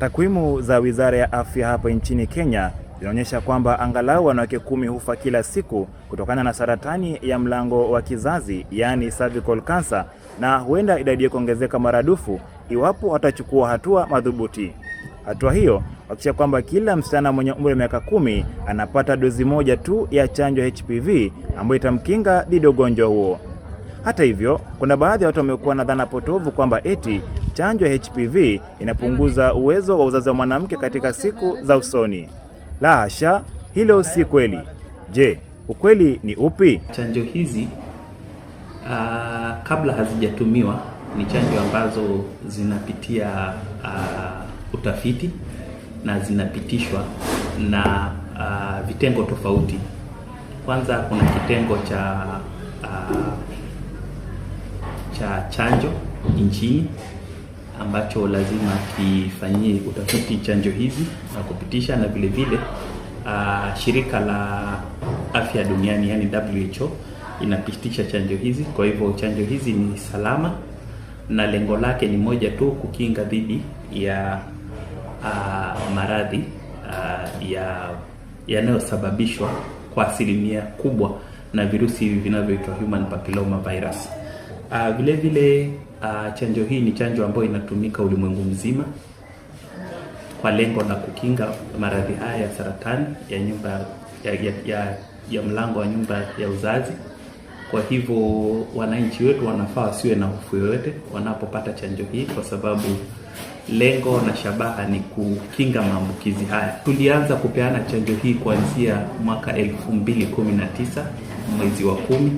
Takwimu za Wizara ya Afya hapa nchini Kenya zinaonyesha kwamba angalau wanawake kumi hufa kila siku kutokana na saratani ya mlango wa kizazi, yaani cervical cancer, na huenda idadi hiyo kuongezeka maradufu iwapo watachukua hatua madhubuti. Hatua hiyo hakikisha kwamba kila msichana mwenye umri wa miaka kumi anapata dozi moja tu ya chanjo ya HPV ambayo itamkinga dhidi ya ugonjwa huo. Hata hivyo, kuna baadhi ya watu wamekuwa na dhana potovu kwamba eti chanjo ya HPV inapunguza uwezo wa uzazi wa mwanamke katika siku za usoni. La hasha, hilo si kweli. Je, ukweli ni upi? Chanjo hizi uh, kabla hazijatumiwa ni chanjo ambazo zinapitia uh, utafiti na zinapitishwa na uh, vitengo tofauti. Kwanza kuna kitengo cha uh, cha chanjo nchini ambacho lazima kifanyie utafiti chanjo hizi na kupitisha, na vile vile uh, shirika la afya duniani yani WHO inapitisha chanjo hizi. Kwa hivyo chanjo hizi ni salama na lengo lake ni moja tu, kukinga dhidi ya uh, maradhi uh, ya yanayosababishwa kwa asilimia kubwa na virusi hivi vinavyoitwa human papilloma virus. Uh, vile vile uh, chanjo hii ni chanjo ambayo inatumika ulimwengu mzima kwa lengo la kukinga maradhi haya ya saratani ya nyumba ya, ya, ya, ya mlango wa nyumba ya uzazi. Kwa hivyo wananchi wetu wanafaa wasiwe na hofu yoyote wanapopata chanjo hii, kwa sababu lengo na shabaha ni kukinga maambukizi haya. Tulianza kupeana chanjo hii kuanzia mwaka 2019 mwezi wa kumi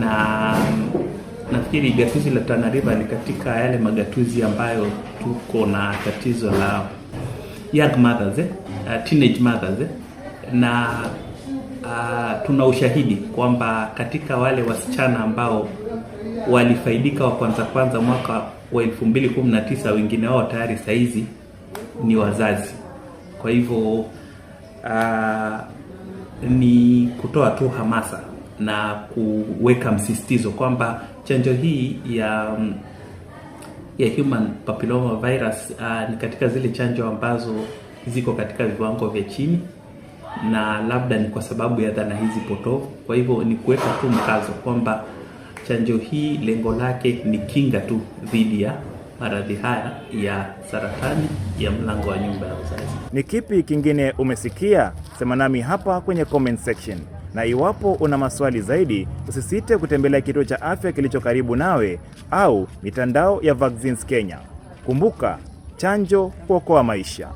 na Nafikiri gatuzi la Tana River ni katika yale magatuzi ambayo tuko na tatizo la young mothers, eh? Uh, teenage mothers eh? na uh, tuna ushahidi kwamba katika wale wasichana ambao walifaidika wa kwanza kwanza mwaka wa 2019 wengine wao tayari saizi ni wazazi. Kwa hivyo uh, ni kutoa tu hamasa na kuweka msisitizo kwamba chanjo hii ya mm, ya human papilloma virus uh, ni katika zile chanjo ambazo ziko katika viwango vya chini, na labda ni kwa sababu ya dhana hizi potofu. Kwa hivyo ni kuweka tu mkazo kwamba chanjo hii lengo lake ni kinga tu dhidi ya maradhi haya ya saratani ya mlango wa nyumba ya uzazi. Ni kipi kingine umesikia? Sema nami hapa kwenye comment section na iwapo una maswali zaidi, usisite kutembelea kituo cha afya kilicho karibu nawe au mitandao ya Vaccines Kenya. Kumbuka, chanjo huokoa maisha.